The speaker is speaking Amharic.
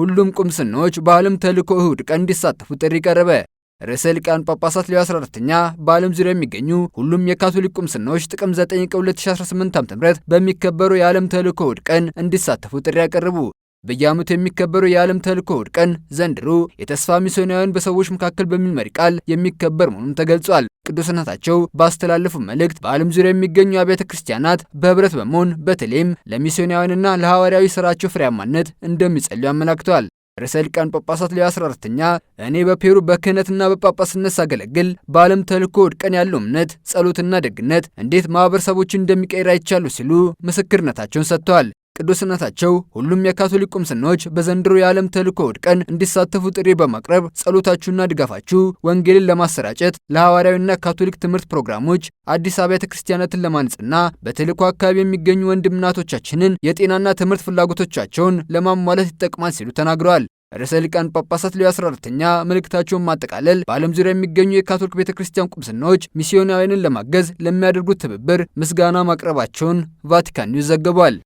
ሁሉም ቁምስኖች በዓለም ተልእኮ እሁድ ቀን እንዲሳተፉ ጥሪ ቀረበ። ርዕሰ ሊቃን ጳጳሳት ሌዮ 14 ተኛ በዓለም ዙሪያ የሚገኙ ሁሉም የካቶሊክ ቁምስናዎች ጥቅምት 9 ቀን 2018 ዓ ም በሚከበሩ የዓለም ተልእኮ እሁድ ቀን እንዲሳተፉ ጥሪ ያቀርቡ። በየዓመቱ የሚከበረው የዓለም ተልእኮ እሁድ ቀን ዘንድሮ የተስፋ ሚስዮናውያን በሰዎች መካከል በሚል መሪ ቃል የሚከበር መሆኑን ተገልጿል። ቅዱስነታቸው ባስተላለፉ መልእክት በዓለም ዙሪያ የሚገኙ አብያተ ክርስቲያናት በህብረት በመሆን በተለይም ለሚስዮናውያንና ለሐዋርያዊ ስራቸው ፍሬያማነት እንደሚጸልዩ አመላክተዋል። ርዕሰ ሊቃነ ጳጳሳት ሌዎ 14ኛ እኔ በፔሩ በክህነትና በጳጳስነት ሳገለግል በዓለም ተልእኮ እሁድ ቀን ያለው እምነት፣ ጸሎትና ደግነት እንዴት ማህበረሰቦችን እንደሚቀይር አይቻሉ ሲሉ ምስክርነታቸውን ሰጥተዋል። ቅዱስነታቸው ሁሉም የካቶሊክ ቁምስናዎች በዘንድሮ የዓለም ተልእኮ ወድቀን ቀን እንዲሳተፉ ጥሪ በማቅረብ ጸሎታችሁና ድጋፋችሁ ወንጌልን ለማሰራጨት ለሐዋርያዊና ካቶሊክ ትምህርት ፕሮግራሞች አዲስ አብያተ ክርስቲያናትን ለማነጽና በተልእኮ አካባቢ የሚገኙ ወንድምናቶቻችንን የጤናና ትምህርት ፍላጎቶቻቸውን ለማሟላት ይጠቅማል ሲሉ ተናግረዋል። ርዕሰ ጳጳሳት ሌዊ 14ኛ መልእክታቸውን ማጠቃለል በዓለም ዙሪያ የሚገኙ የካቶሊክ ቤተ ክርስቲያን ቁምስናዎች ሚስዮናውያንን ለማገዝ ለሚያደርጉት ትብብር ምስጋና ማቅረባቸውን ቫቲካን ኒውስ ዘግቧል።